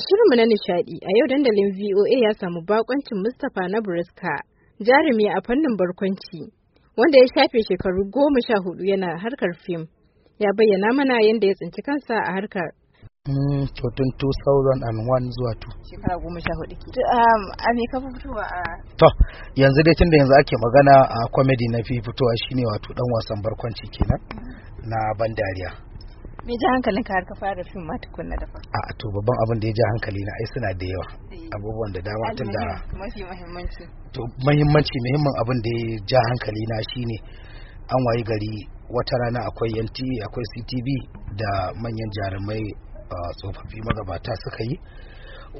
A shirinmu na nishaɗi a yau dandalin VOA ya samu bakoncin Mustapha na briska jarumi a fannin barkwanci, wanda ya shafe shekaru goma sha hudu yana harkar fim. Ya bayyana mana yadda ya tsinci kansa a harkar. Mm, to tun 2001 zuwa 2. Shekara goma sha um, A me ka fitowa a? To, yanzu dai tunda yanzu ake magana a comedy na fi fitowa shine wato dan wasan barkwanci kenan na ban dariya. me ji hankalin ka har ka fara fim ma tukunna da fa a to babban abin da ya ji hankali na ai suna da yawa eh. abubuwan da dama tun da mafi muhimmanci to muhimmanci muhimmin abin da ya ja hankali na shine an wayi gari wata rana akwai LTE akwai CTV da manyan jarumai tsofaffi magabata suka yi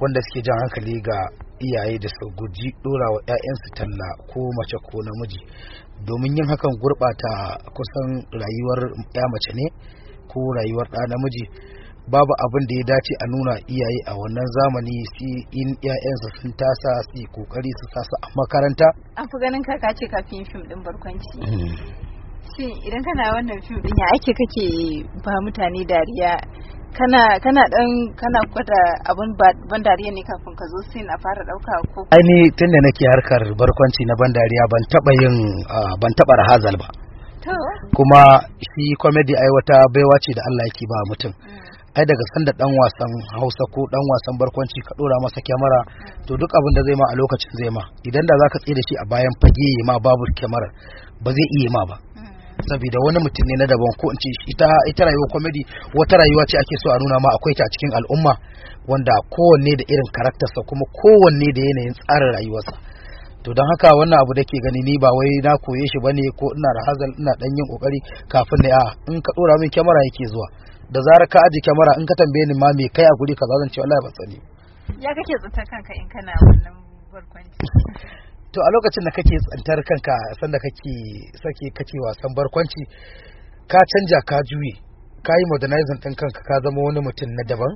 wanda suke jan hankali ga iyaye da su guji dora wa 'ya'yansu talla ko mace ko namiji domin yin hakan gurɓata kusan rayuwar 'ya mace ne ko rayuwar ɗa namiji babu abin da ya dace a nuna iyaye a wannan zamani si in iyayensa sun tasa su kokari su tasa a makaranta an fi ganin ka ce kafin yin fim din barkwanci hmm. shin idan kana wannan fim din ya ake kake ba mutane dariya kana kana dan kana kwata abun ban dariya ne kafin ka zo sin a fara dauka ko ai ni tunda nake harkar barkwanci na ban dariya ban taba yin ah, ban taba rahazal ba kuma shi comedy ai wata baiwa ce da Allah yake ba mutum mm. ai daga sanda dan wasan Hausa ko dan wasan barkwanci ka dora masa kyamara mm. to duk abin da zai ma a lokacin zai ma idan da zaka tsaye shi a bayan fage yi ma babu kyamara ba zai iya ma ba mm. saboda wani mutum ne na daban ko in ce ita ita rayuwar comedy wata rayuwa ce ake so a nuna ma akwai ta a cikin al'umma wanda kowanne da irin karaktarsa kuma kowanne da yanayin tsarin rayuwarsa to don haka wannan abu da ke gani ni ba wai na koye shi bane ko ina da hazal ina dan yin kokari kafin ne a in ka dora min kyamara yake zuwa da zarar ka aji kyamara in ka tambaye ni ma me kai a guri kaza zan ce wallahi ba sani ya kake tsantar kanka in kana wannan barkwanci to a lokacin da kake tsantar kanka sanda kake sake kake wasan barkwanci ka canja ka juye ka yi modernizing din kanka ka zama wani mutum na daban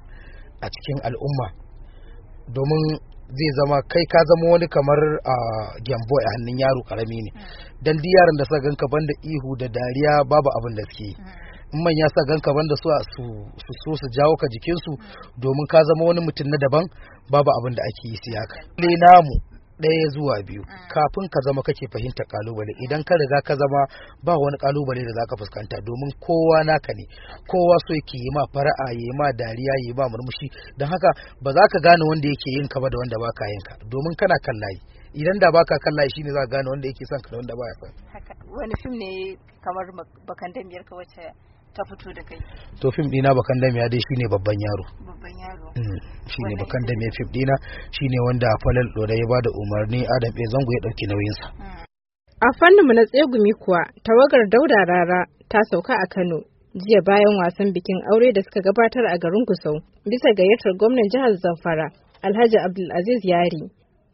a cikin al'umma domin zai zama kai ka zama wani kamar a gyambo a hannun yaro karami ne dan duk yaran da suka ganka banda ihu da dariya babu abin da suke yi in manya sa ganka banda su su so su jawo ka jikinsu domin ka zama wani mutum na daban babu abin da ake yi siyaka namu ɗaya zuwa biyu mm. kafin ka zama kake fahimta kalubale idan ka riga ka zama ba wani kalubale da zaka fuskanta domin kowa naka ne kowa so yake yi ma fara'a yi ma dariya yi ma murmushi don haka ba za ka gane wanda yake yin ka ba da wanda baka yin ka domin kana kan layi idan da baka kan layi shine za ka gane wanda yake son ka da wanda baya son wani fim ne kamar bakan damiyar ka wacce ta fito da kai to fim dina bakan damiya dai shine babban yaro babban yaro mm. shine bakan da mai fif dina shine wanda falal dore ya bada umarni adam bai zango ya dauki nauyinsa a fanninmu na tsegumi kuwa tawagar dauda rara ta sauka a kano jiya bayan wasan bikin aure da suka gabatar a garin gusau bisa gayyatar gwamnan jihar zamfara alhaji abdulaziz yari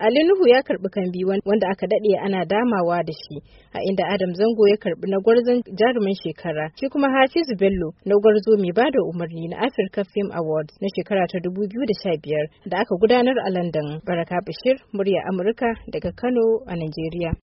Ali Nuhu ya karbi kambi wanda aka dade ana damawa da shi a inda Adam Zango ya karbi na gwarzon jarumin shekara shi kuma Hafiz Bello na gwarzo mai bada umarni na Africa Film Awards na shekara ta 2015 da aka gudanar a London. Baraka Bashir, murya Amurka daga Kano a Najeriya.